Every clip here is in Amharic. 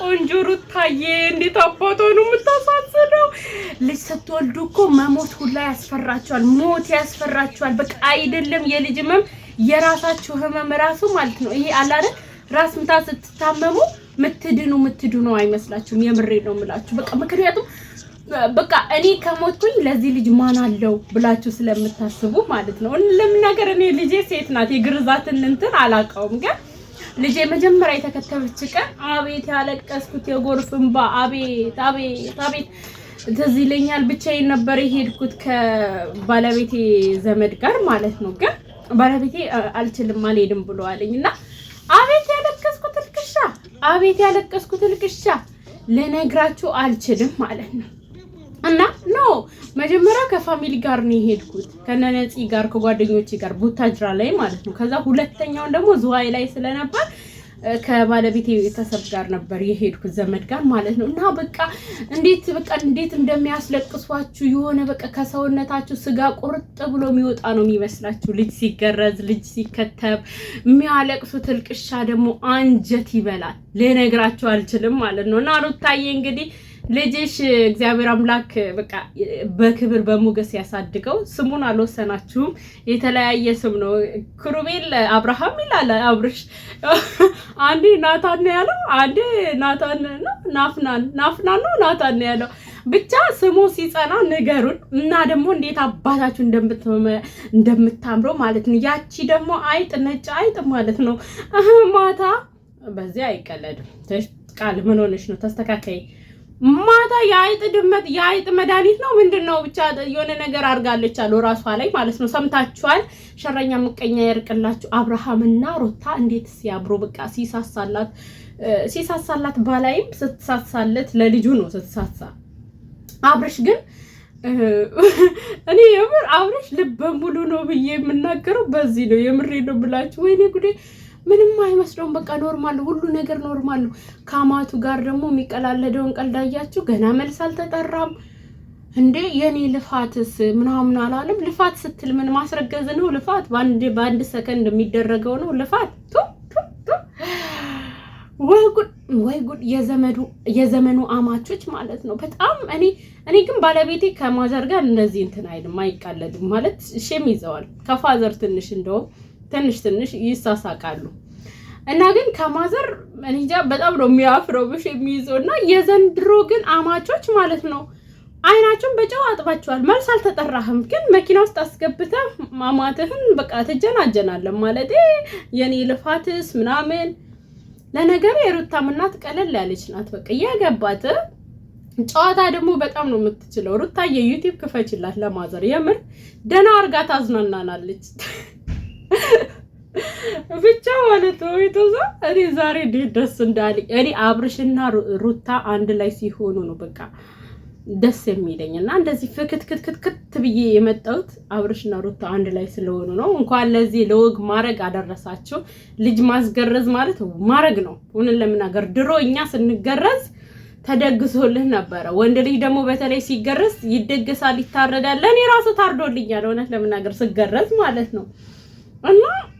ቆንጆ ሩታዬ እንዴት አባቷ ነው የምታሳዝነው። ልጅ ስትወልዱ እኮ መሞት ሁላ ያስፈራቸዋል። ሞት ያስፈራቸዋል። በቃ አይደለም የልጅ ህመም፣ የራሳችሁ ህመም ራሱ ማለት ነው። ይሄ አላለ ራስ ምታ ስትታመሙ ምትድኑ ምትድኑ አይመስላችሁም። የምሬ ነው የምላችሁ። በቃ ምክንያቱም በቃ እኔ ከሞትኩኝ ለዚህ ልጅ ማን አለው ብላችሁ ስለምታስቡ ማለት ነው። ለምን ነገር እኔ ልጄ ሴት ናት የግርዛትን እንትን አላውቀውም ግን ልጄ መጀመሪያ የተከተበች ቀን አቤት ያለቀስኩት የጎርፍ እንባ አቤት አቤት አቤት ትዝ ይለኛል። ብቻዬን ነበር የሄድኩት ከባለቤቴ ዘመድ ጋር ማለት ነው። ግን ባለቤቴ አልችልም አልሄድም ብሎ አለኝ እና አቤት ያለቀስኩት ልቅሻ አቤት ያለቀስኩት ልቅሻ ልነግራችሁ አልችልም ማለት ነው። እና ኖ መጀመሪያ ከፋሚሊ ጋር ነው የሄድኩት ከነነፂ ጋር ከጓደኞቼ ጋር ቡታጅራ ላይ ማለት ነው። ከዛ ሁለተኛውን ደግሞ ዝዋይ ላይ ስለነበር ከባለቤት ቤተሰብ ጋር ነበር የሄድኩት ዘመድ ጋር ማለት ነው። እና በቃ እንዴት በቃ እንዴት እንደሚያስለቅሷችሁ የሆነ በቃ ከሰውነታችሁ ስጋ ቁርጥ ብሎ የሚወጣ ነው የሚመስላችሁ። ልጅ ሲገረዝ፣ ልጅ ሲከተብ የሚያለቅሱት እልቅሻ ደግሞ አንጀት ይበላል። ልነግራችሁ አልችልም ማለት ነው። እና ሩታዬ እንግዲህ ልጅሽ እግዚአብሔር አምላክ በቃ በክብር በሞገስ ያሳድገው። ስሙን አልወሰናችሁም፣ የተለያየ ስም ነው። ክሩቤል አብርሃም ይላል አብርሽ። አንዴ ናታን ነው ያለው፣ አንዴ ናታን ነው ናፍናን፣ ናፍናን ነው ናታን ነው ያለው። ብቻ ስሙ ሲጸና ንገሩን እና ደግሞ እንዴት አባታችሁ እንደምታምረው ማለት ነው። ያቺ ደግሞ አይጥ ነጭ አይጥ ማለት ነው። ማታ በዚያ አይቀለድም። ቃል ምን ሆነሽ ነው? ተስተካካይ ማታ የአይጥ ድመት የአይጥ መድኃኒት ነው ምንድን ነው ብቻ የሆነ ነገር አድርጋለች አሉ ራሷ ላይ ማለት ነው። ሰምታችኋል። ሸረኛ ምቀኛ ያርቅላችሁ። አብርሃምና ሮታ እንዴት ሲያብሩ በቃ ሲሳሳላት ሲሳሳላት ባላይም ስትሳሳለት ለልጁ ነው ስትሳሳ። አብርሽ ግን እኔ የምር አብርሽ ልበ ሙሉ ነው ብዬ የምናገረው በዚህ ነው። የምሬ ነው ብላችሁ ወይኔ ጉዴ ምንም አይመስለውም። በቃ ኖርማል ሁሉ ነገር ኖርማል ነው። ከአማቱ ጋር ደግሞ የሚቀላለደውን ቀልዳያችሁ ገና መልስ አልተጠራም እንዴ የኔ ልፋትስ ምናምን አላለም። ልፋት ስትል ምን ማስረገዝ ነው ልፋት? በአንድ በአንድ ሰከንድ የሚደረገው ነው ልፋት። ቱ ወይ ጉድ ወይ ጉድ! የዘመዱ የዘመኑ አማቾች ማለት ነው። በጣም እኔ እኔ ግን ባለቤቴ ከማዘር ጋር እንደዚህ እንትን አይልም፣ አይቃለድም ማለት ሼም ይዘዋል ከፋዘር ትንሽ እንደውም ትንሽ ትንሽ ይሳሳቃሉ እና ግን ከማዘር እንጃ በጣም ነው የሚያፍረው ብሽ የሚይዘው እና የዘንድሮ ግን አማቾች ማለት ነው አይናቸውን በጨው አጥባቸዋል። መልስ አልተጠራህም፣ ግን መኪና ውስጥ አስገብተህ ማማትህን በቃ ትጀናጀናለን። ማለት የኔ ልፋትስ ምናምን። ለነገር የሩታ እናት ቀለል ያለች ናት፣ በቃ እያገባት ጨዋታ ደግሞ በጣም ነው የምትችለው። ሩታ የዩቲዩብ ክፈችላት ለማዘር የምር ደህና አርጋ ታዝናናናለች። ብቻ ማለት ነው ቤተዛ እኔ ዛሬ እንዴት ደስ እንዳለኝ እኔ አብርሽና ሩታ አንድ ላይ ሲሆኑ ነው በቃ ደስ የሚለኝ እና እንደዚህ ፍክትክትክትክት ብዬ የመጣሁት አብርሽና ሩታ አንድ ላይ ስለሆኑ ነው። እንኳን ለዚህ ለወግ ማድረግ አደረሳቸው። ልጅ ማስገረዝ ማለት ማድረግ ነው። ሁንን ለምናገር ድሮ እኛ ስንገረዝ ተደግሶልህ ነበረ። ወንድ ልጅ ደግሞ በተለይ ሲገረዝ ይደገሳል፣ ይታረዳል። ለእኔ ራሱ ታርዶልኛል እውነት ለምናገር ስገረዝ ማለት ነው።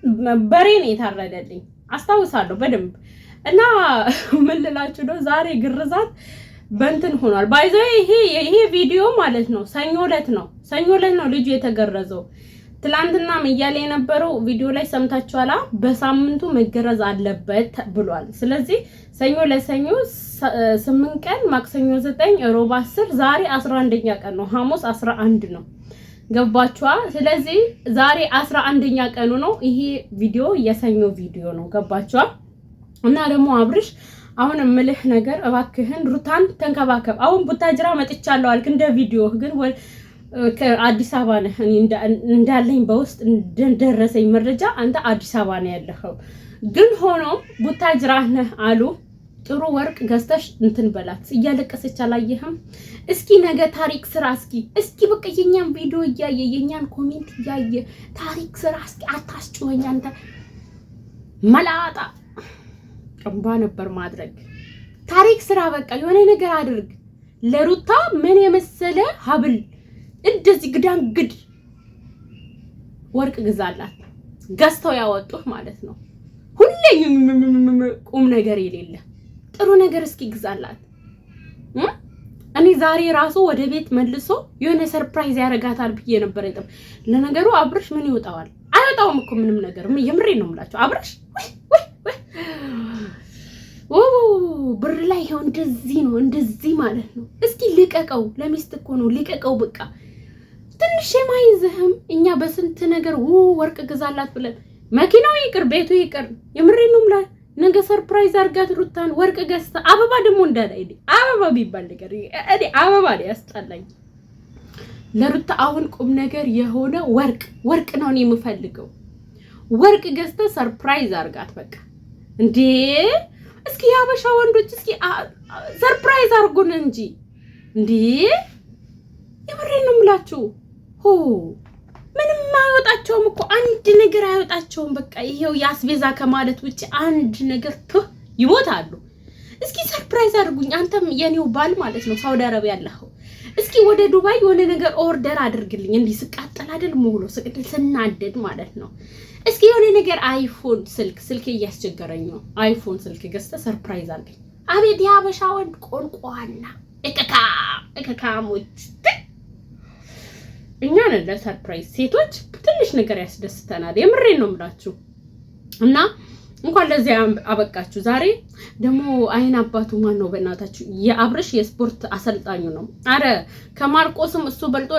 እና በሬን የታረደልኝ አስታውሳለሁ በደንብ። እና ምን ልላችሁ ነው ዛሬ ግርዛት በእንትን ሆኗል። ባይዘ ይሄ ይሄ ቪዲዮ ማለት ነው ሰኞ ዕለት ነው ሰኞ ዕለት ነው ልጁ የተገረዘው። ትላንትና እያለ የነበረው ቪዲዮ ላይ ሰምታችኋላ። በሳምንቱ መገረዝ አለበት ብሏል። ስለዚህ ሰኞ ለሰኞ ስምንት ቀን ማክሰኞ ዘጠኝ ሮብ አስር ዛሬ አስራ አንደኛ ቀን ነው ሐሙስ አስራ አንድ ነው። ገባችኋ? ስለዚህ ዛሬ አስራ አንደኛ ቀኑ ነው። ይሄ ቪዲዮ የሰኞ ቪዲዮ ነው። ገባችኋ? እና ደግሞ አብርሽ አሁን ምልህ ነገር እባክህን ሩታን ተንከባከብ። አሁን ቡታጅራ መጥቻለሁ አልክ እንደ ቪዲዮ ግን አዲስ አበባ ነህ። እንዳለኝ በውስጥ እንደደረሰኝ መረጃ አንተ አዲስ አበባ ነው ያለኸው፣ ግን ሆኖም ቡታጅራ ነህ አሉ ጥሩ ወርቅ ገዝተሽ እንትን በላት። እያለቀሰች አላየህም? እስኪ ነገ ታሪክ ስራ። እስኪ እስኪ በቃ የኛን ቪዲዮ እያየ የኛን ኮሜንት እያየ ታሪክ ስራ። እስኪ አታስጭወኝ አንተ መላጣ። ቅንባ ነበር ማድረግ። ታሪክ ስራ። በቃ የሆነ ነገር አድርግ። ለሩታ ምን የመሰለ ሀብል እንደዚህ ግዳን ግድ ወርቅ ግዛላት። ገዝተው ያወጡህ ማለት ነው። ሁሌ ቁም ነገር የሌለ ጥሩ ነገር እስኪ ግዛላት። እኔ ዛሬ ራሱ ወደ ቤት መልሶ የሆነ ሰርፕራይዝ ያደርጋታል ብዬ ነበር። ይጥም ለነገሩ አብርሽ ምን ይወጣዋል? አይወጣውም እኮ ምንም ነገር። የምሬ ነው የምላቸው አብርሽ ብር ላይ ይኸው እንደዚህ ነው እንደዚህ ማለት ነው። እስኪ ልቀቀው፣ ለሚስት እኮ ነው ልቀቀው። በቃ ትንሽ የማይዝህም እኛ በስንት ነገር ወርቅ ግዛላት ብለን መኪናው ይቅር ቤቱ ይቅር የምሬ ነው የምላቸው ነገ ሰርፕራይዝ አርጋት ሩታን ወርቅ ገዝታ አበባ ደግሞ እንዳላይ አበባ ቢባል ነገር እኔ አበባ ላይ ያስጠላኝ። ለሩታ አሁን ቁም ነገር የሆነ ወርቅ ወርቅ ነው የምፈልገው። ወርቅ ገዝተ ሰርፕራይዝ አርጋት በቃ። እንዴ እስኪ የሀበሻ ወንዶች እስኪ ሰርፕራይዝ አርጉን እንጂ እንዴ! የምሬን ነው የምላችሁ ሆ ምንም አይወጣቸውም እኮ አንድ ነገር አይወጣቸውም። በቃ ይሄው የአስቤዛ ከማለት ውጭ አንድ ነገር ፕ ይሞታሉ። እስኪ ሰርፕራይዝ አድርጉኝ። አንተም የኔው ባል ማለት ነው ሳውዲ አረቢያ ያለኸው፣ እስኪ ወደ ዱባይ የሆነ ነገር ኦርደር አድርግልኝ። እንዲህ ስቃጠል አይደል ሙሉ ስቅድል ስናደድ ማለት ነው። እስኪ የሆነ ነገር አይፎን ስልክ ስልክ እያስቸገረኝ ነው። አይፎን ስልክ ገዝተህ ሰርፕራይዝ አድርገኝ። አቤት የሀበሻ ወንድ ቆንቋና እከካ እከካሞች እኛ ነን ለሰርፕራይዝ ሴቶች ትንሽ ነገር ያስደስተናል። የምሬን ነው የምላችሁ እና እንኳን ለዚያ አበቃችሁ። ዛሬ ደግሞ አይን አባቱ ማን ነው? በእናታችሁ የአብርሽ የስፖርት አሰልጣኙ ነው። አረ ከማርቆስም እሱ በልጦ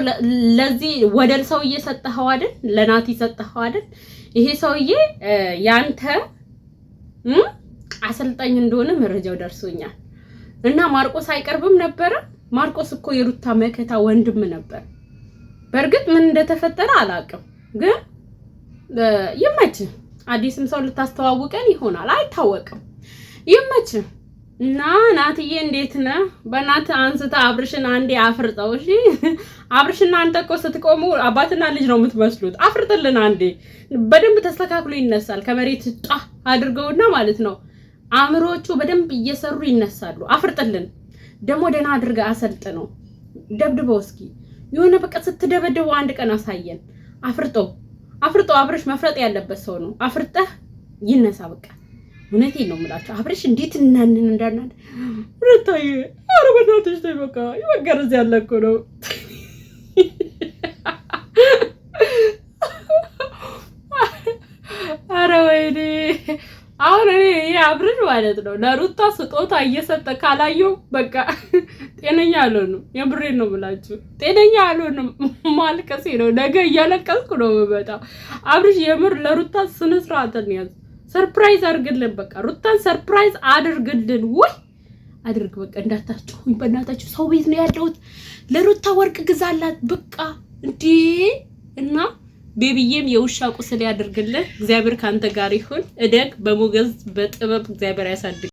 ለዚህ ወደል ሰውዬ ሰጠኸው አይደል? ለናቲ ሰጠኸው አይደል? ይሄ ሰውዬ ያንተ አሰልጣኝ እንደሆነ መረጃው ደርሶኛል። እና ማርቆስ አይቀርብም ነበረ። ማርቆስ እኮ የሩታ መከታ ወንድም ነበር። በእርግጥ ምን እንደተፈጠረ አላውቅም፣ ግን ይመች። አዲስም ሰው ልታስተዋውቀን ይሆናል አይታወቅም። ይመች እና ናትዬ እንዴት ነህ? በእናት አንስታ አብርሽን አንዴ አፍርጠው። እሺ አብርሽና አንተ እኮ ስትቆሙ አባትና ልጅ ነው የምትመስሉት። አፍርጥልን አንዴ በደንብ ተስተካክሎ ይነሳል። ከመሬት ጣ አድርገውና ማለት ነው አእምሮቹ በደንብ እየሰሩ ይነሳሉ። አፍርጥልን ደግሞ ደህና አድርገህ አሰልጥ ነው ደብድበው እስኪ የሆነ በቃ ስትደበደቡ አንድ ቀን አሳየን። አፍርጦ አፍርጦ አብርሽ መፍረጥ ያለበት ሰው ነው። አፍርጠህ ይነሳ በቃ እውነቴ ነው የምላቸው። አብርሽ እንዴት እናንን እንዳናል ሁለታየ አረበናቶች ተይ በቃ ይወገረዝ ያለ እኮ ነው። አረ ወይኔ አሁን እኔ ይሄ አብርሽ ማለት ነው ለሩታ ስጦታ እየሰጠ ካላየው በቃ ጤነኛ አልሆንም። የምሬን ነው ብላችሁ ጤነኛ አልሆንም። ማልቀሴ ነው። ነገ እያለቀስኩ ነው በጣም አብርሽ፣ የምር ለሩታ ስነ ስርዓትን ያዝ። ሰርፕራይዝ አድርግልን፣ በቃ ሩታን ሰርፕራይዝ አድርግልን። ውይ አድርግ በቃ እንዳታችሁኝ፣ በእናታችሁ ሰው ቤት ነው ያለሁት። ለሩታ ወርቅ ግዛላት በቃ እንዴ እና ቤቢዬም የውሻ ቁስል ያደርግልን። እግዚአብሔር ካንተ ጋር ይሁን። እደግ በሞገዝ በጥበብ እግዚአብሔር ያሳድግ።